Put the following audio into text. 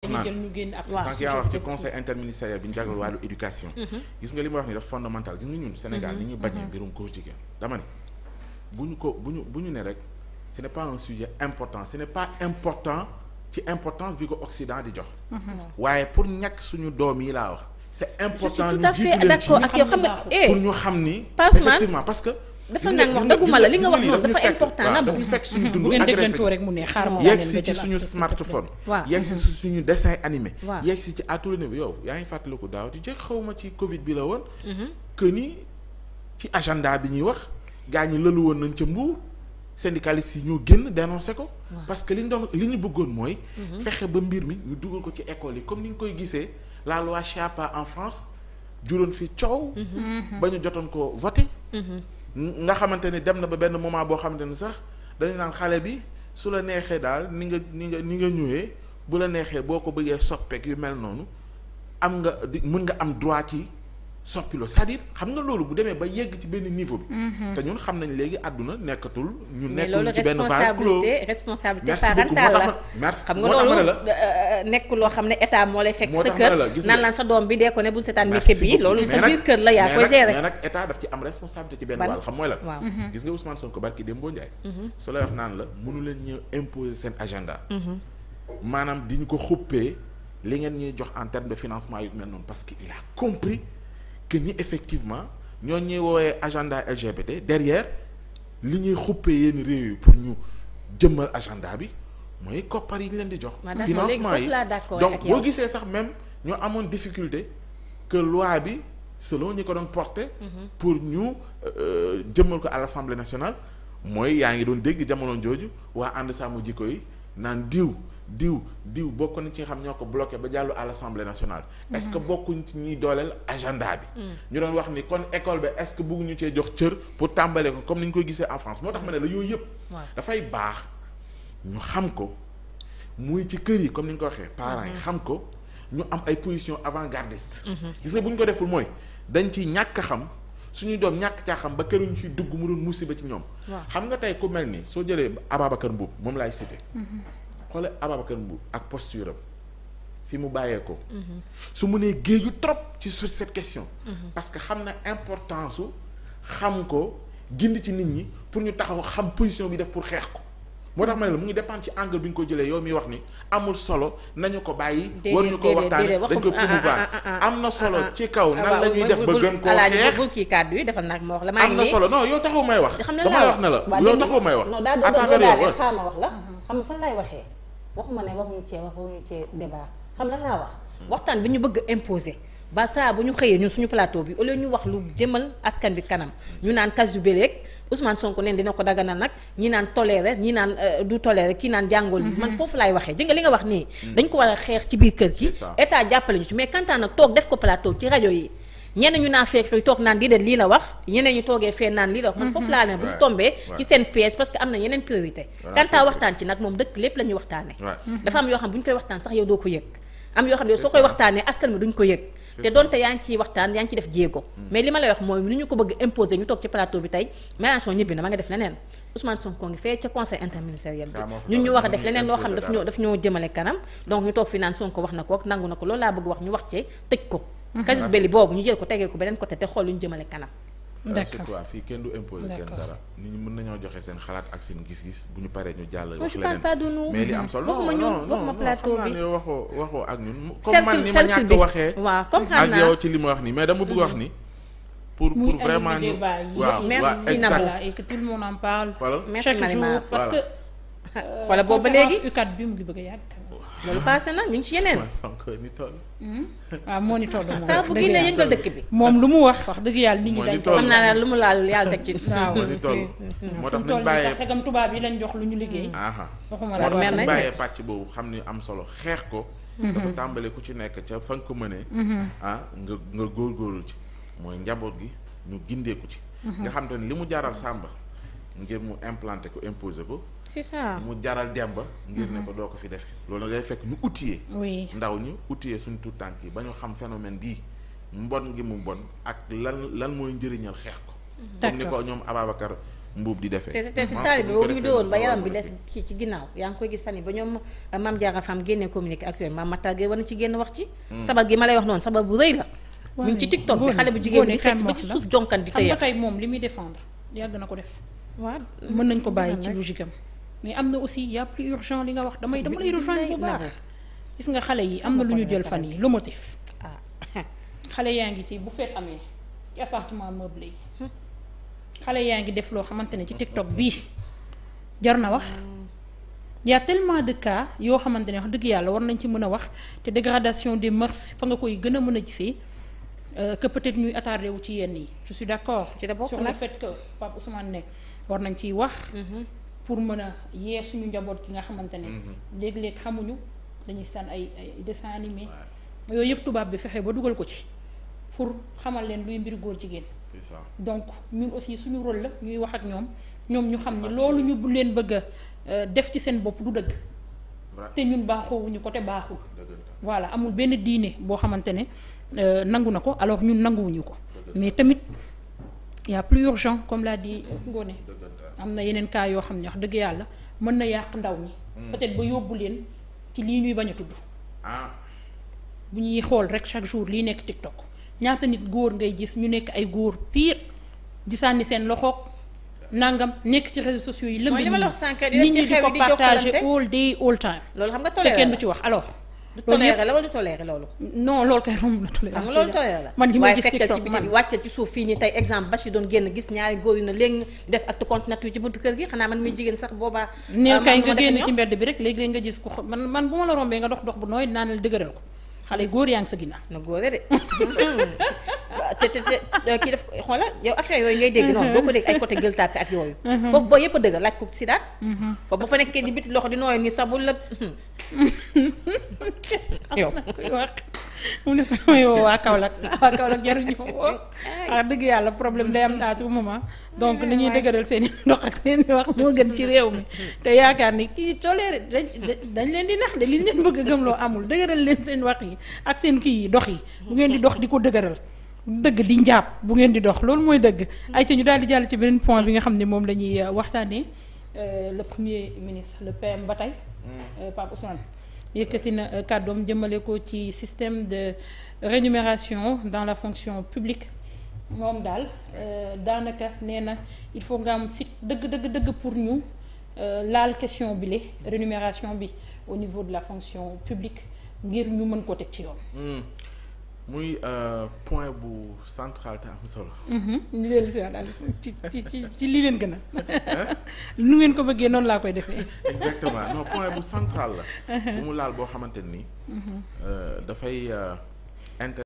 sànq yaa wax ci conseil interministériel bi ñu éducation mm-hmm. gis nga li wax ni daf fondamental gis nga ñun Sénégal ni ñuy mm-hmm. bañee mm-hmm. mbirum góor jigéen dama ne bu ko bu ñu bu ñu ne rek ce n'est pas un sujet important ce n'est pas important ci importance bi ko Occident di jox waaye pour ñakk suñu doom yi laa wax c'est important ñu jiitu leen ci eh, ñu xam ni effectivement parce dafa nang wax dëgguma la li nga wax noonu dafa important na dafa fekk suñu rek mu ne xaaral ma si ci suñu smartphone yaa ngi fàttaliku daaw di jëkk xawma ci covid bi la woon mhm. que ni ci agenda bi ñuy wax gaa ñi lëlu woon nañ ca mbuur syndicalistes yi ñoo génn dénoncé ko parce que li ñu doon bëggoon mooy mhm. fexe ba mbir mi ñu dugal ko ci école yi comme ni ñu koy gisee la loi Chiappa en France juróon fi coow mhm. ba ñu jotoon ko voté nga xamante ni dem na ba benn moment boo xamante ni sax dañu naan xale bi su la neexee daal ni nga ni nga ni nga ñëwee bu la neexee boo ko bëggee soppeek yu mel noonu am nga di mën nga am droit ci soppiloo c'est-à-dire xam nga loolu bu demee ba yegg ci benn niveau bi. Mhm. te ñun xam nañ léegi àdduna nekkatul. ñu nekkul ci benn vase clos mais loolu responsabilité responsabilité parentale la. merci xam nga loolu euh, euh, nekk loo xam ne état moo lay fekk. sa kër naan laan sa doom bi dee ko ne bul seetaan métier bi loolu sa biir kër la yaa ko gérer. mais nag état daf ci am responsabilité ci benn wàll xam mooy lan. waaw mhm. Mhm. gis nga Ousmane Sonko barki Dembo Ndiaye. su lay wax naan la mënu leen ñu imposer seen agenda. maanaam di ñu ko xuppee li ngeen ñuy jox en terme de financement yu mel noonu parce que il a compris que ni effectivement ñoo ñuy wooyee agenda LGBT derrière li ñuy xuppee yenn réew yi pour ñu jëmmal agenda bi mooy koppar yi ñu leen di jox. financement yi donc boo gisee sax même ñoo amoon difficulté que loi bi selon ñu ko doon porter. Mhm. pour ñu euh, jëmal ko à l'Assemblée nationale mooy yaa ngi doon dégg jamono jooju waa ànd sàmm jikko yi naan diw. diw diw bokk na ci xam ñoo ko bloqué ba jàll à l'Assemblée nationale est-ce que mm-hmm. bokkuñ ci ñuy dooleel agenda bi mm. ñu doon wax ni kon école bi est-ce que bëgguñu cee jox cër pour tàmbale ko comme ni ñu koy gisee en France moo tax ma ne la yooyu yëpp dafay baax ñu xam ko muy ci kër yi comme ni nga ko waxee parents yi mm-hmm. xam ko ñu am ay position avant-gardiste mm-hmm. gis nga bu ñu ko deful mooy dañ ci ñàkk xam suñu doom ñàkk caa xam ba këruñ ci dugg mu doon musiba ci ñoom xam nga tey ku soo jëlee Ababacar Mbuub moom laay cité xoolal Ababacar Mbour ak posture am fi mu bàyyee ko. Mhm. su mu nee géeju trop ci sur cette question. Mhm. parce que xam na importance su xam ko gindi ci nit ñi pour ñu taxaw xam position bi def pour xeex ko. moo tax ma ne la mu ngi dépendre ci angle bi ñu ko jëlee yow mi wax ni amul solo nañu ko bàyyi. waruñu na solo ah, ah. ci kaw nan ah, la ñuy def ba gën wax la maa ngi am na solo yow taxaw may wax. dama lay wax ne la yow taxaw may wax. à travers yow wax la xam nga fan laay waxee. waxuma ne waxuñu cee wax waxuñu cee débat xam lan laa wax. waxtaan bi ñu bëgg imposer ba saa bu ñu xëyee ñun suñu plateau bi au ñu wax lu jëmal askan bi kanam ñu naan kasu beleeg Ousmane Sonko neen dina ko daganal nag ñi naan toléré ñi naan euh, du toléré ki naan jàngool bi mhm. man foofu laay waxee jënga li nga wax nii mhm. dañ ko war a xeex ci biir kër gi état jàppale ñu ci mais kantaan toog def ko plateau ci rajo yi ñenn ñu naa fekk yu toog naan di leen lii la wax ñeneen ñu toogee fee naan lii la wax man mhm. foofu laa ne bu ñu tombee ci seen na yeneen priorité kantaa waxtaan ci nag moom dëkk lépp la ñuy waxtaane mhm. dafa am yoo xam yoo xam ne soo koy waxtaanee askan ko yëg te donte yaa ngi ciy waxtaan yaa ngi ciy def jéego mhm. mais li ma lay wax mooy ni ñu ko bëgg imposer ñu toog ci plateau bi tey Mélenchon ñibbi na ma nga def leneen Ousmane Sonko ngi fee ca conseil interministériel bi ah, a def leneen loo xam daf fi wax na ko nangu na ko loolu laa bëgg wax ñu wax ci tëj ko casus mhm. belli boobu ñu jël ko tegee ko beneen ko te xool lu ñu jëmale kanam. d'accord surtout nañoo joxe seen xalaat ak seen gis-gis bu ñu paree ñu jàll. wax leneen mais li am solo non non non plateau bi waxoo waxoo ak ñun. comme man ni ma ñàkk ci li ma wax nii mais dama bëgg wax mhm. ni. pour vraiment ñu waaw merci Nabou et que tout le monde en parle. voilà chaque jour parce que. wala euh, boobu ba léegi UCAD bi mu gi bëgg a yàgg. loolu passé na ñu ngi ci yeneen. waaw hmm? ah, moo ni toll moom saa bu génnee yëngal dëkk bi. moom lu mu wax wax dëgg yàlla ni ñi dañ ko xam naa daal lu mu laal yàlla teg ci. waaw moo ni toll hmm. moo tax nañ bàyyee jox lu ñu liggéey. waxuma la moo tax nañ bàyyee pàcc boobu xam ni am solo xeex ko. Hmm. dafa tàmbale ku ci nekk ca fa nga ko mënee. ah nga nga góorgóorlu ci mooy njaboot gi ñu gindeeku ci. nga xam te ne li mu jaaral sàmba ngir mu implanté ko imposer ko. c'est ça mu jaral demba ngir ne mhm. ko doo ko fi defe loolu nag day fekk ñu outillé. oui ndaw ñu outillé suñu tout tànk yi ba ñu xam phénomène bii mbon ngi mu mbon ak lan lan mooy njëriñal xeex ko. Mhm. comme ni ko ñoom Ababacar mbuub di defee. te te te taalibe boobu ñu doon ba yaram bi def ci ci ginnaaw yaa ngi koy gis fan yi ba ñoom euh, maam Diarra Fam génnee communiqué ak yooyu maam Matar Gueye war na ci génn wax ci. Hmm. sabar gi ma lay wax noonu sabar bu rëy la. mu ngi ci tiktok bi bi di fekk ba ci suuf jonkan di tey xam moom li muy défendre yàgg ko def waaw mën nañ ko bàyyi ci logique mais am na aussi y' a plus urgent li nga wax damay dama lay rejoindre bu baax gis nga xale yi am na lu ñu jël fan yi le motif ah. xale yaa ngi ci bu feet amee ci appartement meublé yaa ngi def loo xamante ne ci TikTok bii jar na wax hmm. y a tellement de cas yoo xamante ne wax dëgg yàlla war nañ ci mën a wax te dégradation des mœurs fa nga koy gën a mën a gisee euh, que peut-être ñuy attardé wu ci yenn yi je suis d'accord sur le fait que Pape Ousmane ne war nañ ciy wax mm-hmm. pour mën a yee suñu njaboot ki nga xamante ne mm-hmm. léeg-léeg xamuñu dañuy saan ay ay dessin animé yooyu yëpp tubaab bi fexe ba dugal ko ci pour xamal leen luy mbir góor jigéen donc ñun aussi suñu rôle la ñuy wax ak ñoom ñoom ñu xam ne loolu ñu leen bëgg a euh, def ci seen bopp du dëgg te ñun baaxoowuñu ko te baaxul voilà amul benn diine boo xamante ne euh, nangu na ko alors ñun nanguwuñu ko mais tamit y a plus urgent comme l'a dit Ngoné am na yeneen cas yoo xam ne wax dëgg yàlla mën na yàq ndaw ñi hmm. peut-être ba yóbbu leen ci lii ñuy bañ a tudd ah. bu ñuy xool rek chaque jour liy nekk tok ñaata nit góor ngay gis ñu nekk ay góor pire di sànni seen loxoog nangam nekk ci réseaux sociaux yi lëmb nit ñi di ko partager all day all time te kenn du ci wax alors du toléré la wala du toléré loolu. non loolu kay romb na tolérance loolu toléré la man li ma gis ci TikTok man wàcce ci suuf fii nii tey exemple Bachir doon génn gis ñaari góor yu ne léegi def acte contre ci buntu kër gi xanaa man muy jigéen sax boobaa. nee kay nga génn ci mbedd bi rek léegi léegi nga gis ko man man bu ma la rombee nga dox dox bu nooy naan dëgëral ko xale góor yaa ngi sa ginnaaw. na góore de te te te kii daf xoolal yow affaire yooyu ngay dégg noonu. doo ko dégg ay côté Gueule Tapée ak yooyu. Mhm. foofu boo yëpp a dëgg laaj ko si daat. Mhm. foofu ba fa nekkee di biti loxo di nooyoon ni sax la. yow. mu ne ko damay oh, woo waa Kaolack waa Kaolack jaruñu woo wax dëgg yàlla problème day am à tout moment donc ni ñuy dëgëral seen i ndox ak seen i wax moo gën ci réew mi te yaakaar ni kii toléré dañ dañ leen di nax de li ñu leen bëgg a gëmloo amul dëgëral leen seen wax yi ak seen kii yi dox yi bu ngeen di dox di ko dëgëral dëgg di njaab bu ngeen di dox loolu mooy dëgg ay ci ñu daal di jàll ci benn point bi nga xam ne moom la ñuy euh, waxtaanee euh, le premier ministre le PM ba tey mm. euh, Pape yëkkati na euh, kàddoom jëmale ko ci système de rémunération dans la fonction publique moom daal euh, daanaka nee na il faut nga am fit dëgg dëgg dëgg pour ñu euh, laal question bi li rémunération bi au niveau de la fonction publique ngir ñu mën ko teg ci yoon hmm. muy euh, point bu central te am solo. Mhm. ñu ci li leen gën a. nu ngeen ko bëggee noonu laa koy defee. exactement non point bu central la. bu mu laal boo xamante ni. Mhm. Euh, dafay. Euh,